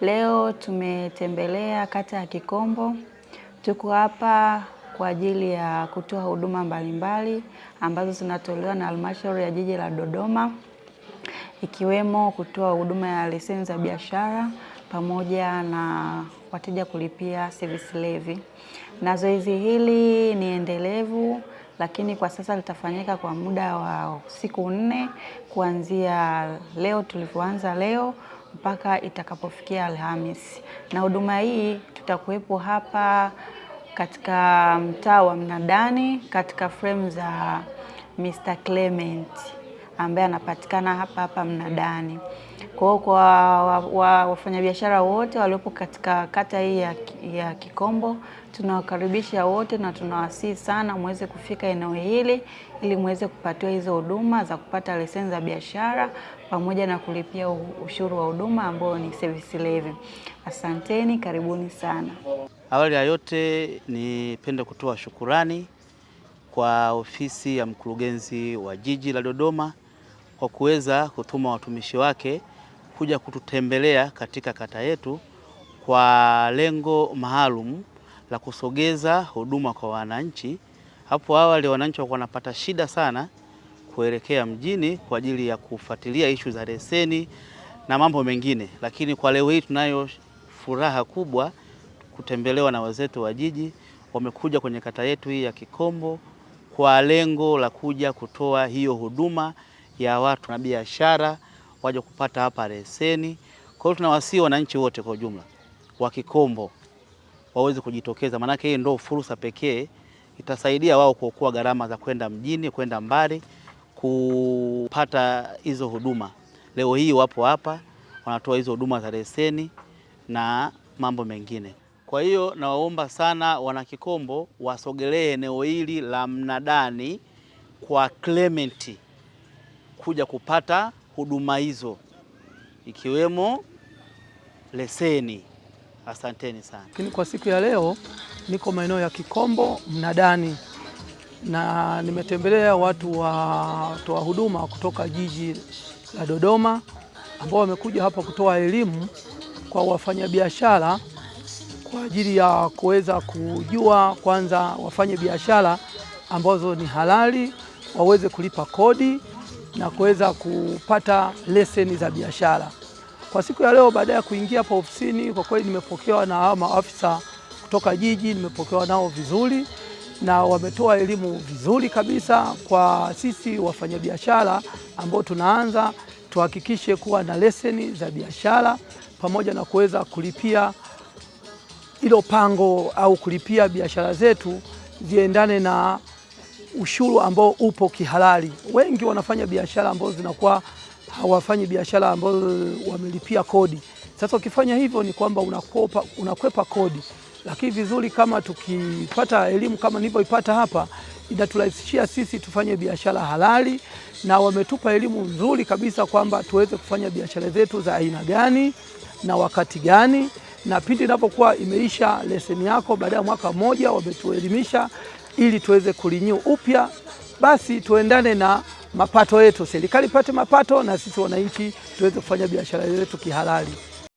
Leo tumetembelea kata ya Kikombo. Tuko hapa kwa ajili ya kutoa huduma mbalimbali ambazo zinatolewa na halmashauri ya jiji la Dodoma, ikiwemo kutoa huduma ya leseni za biashara pamoja na wateja kulipia service levy, na zoezi hili ni endelevu lakini kwa sasa litafanyika kwa muda wa siku nne kuanzia leo tulivyoanza leo mpaka itakapofikia Alhamisi, na huduma hii tutakuwepo hapa katika mtaa wa Mnadani katika fremu za Mr. Clement ambaye anapatikana hapa hapa mnadani. Kwa hiyo kwa wafanyabiashara wote waliopo katika kata hii ya, ya Kikombo tunawakaribisha wote na tunawasihi sana muweze kufika eneo hili ili muweze kupatiwa hizo huduma za kupata leseni za biashara pamoja na kulipia ushuru wa huduma ambao ni service levy. Asanteni, karibuni sana. Awali ya yote nipende kutoa shukurani kwa ofisi ya mkurugenzi wa jiji la Dodoma kwa kuweza kutuma watumishi wake kuja kututembelea katika kata yetu kwa lengo maalum la kusogeza huduma kwa wananchi. Hapo awali wananchi walikuwa wanapata shida sana kuelekea mjini kwa ajili ya kufuatilia ishu za leseni na mambo mengine, lakini kwa leo hii tunayo furaha kubwa kutembelewa na wazetu wa jiji. Wamekuja kwenye kata yetu hii ya Kikombo kwa lengo la kuja kutoa hiyo huduma ya watu na biashara waje kupata hapa leseni. Kwa hiyo tunawasihi wananchi wote kwa ujumla wa Kikombo waweze kujitokeza, maanake hii ndio fursa pekee itasaidia wao kuokoa gharama za kwenda mjini, kwenda mbali kupata hizo huduma. Leo hii wapo hapa wanatoa hizo huduma za leseni na mambo mengine. Kwa hiyo nawaomba sana wana Kikombo wasogelee eneo hili la mnadani kwa Clementi kuja kupata huduma hizo ikiwemo leseni. Asanteni sana. Lakini kwa siku ya leo niko maeneo ya Kikombo mnadani, na nimetembelea watu watoa huduma kutoka jiji la Dodoma ambao wamekuja hapa kutoa elimu kwa wafanyabiashara kwa ajili ya kuweza kujua kwanza wafanye biashara ambazo ni halali, waweze kulipa kodi na kuweza kupata leseni za biashara. Kwa siku ya leo, baada ya kuingia hapa ofisini, kwa kweli nimepokewa na hawa maafisa kutoka jiji, nimepokewa nao vizuri na wametoa elimu vizuri kabisa kwa sisi wafanyabiashara ambao tunaanza, tuhakikishe kuwa na leseni za biashara pamoja na kuweza kulipia hilo pango au kulipia biashara zetu ziendane na ushuru ambao upo kihalali. Wengi wanafanya biashara ambazo zinakuwa hawafanyi biashara ambazo wamelipia kodi. Sasa ukifanya hivyo ni kwamba unakopa, unakwepa kodi, lakini vizuri kama tukipata elimu kama nilivyoipata hapa inaturahisishia sisi tufanye biashara halali, na wametupa elimu nzuri kabisa kwamba tuweze kufanya biashara zetu za aina gani na wakati gani, na pindi inapokuwa imeisha leseni yako baada ya mwaka mmoja, wametuelimisha ili tuweze kulinyu upya, basi tuendane na mapato yetu, serikali ipate mapato na sisi wananchi tuweze kufanya biashara zetu kihalali.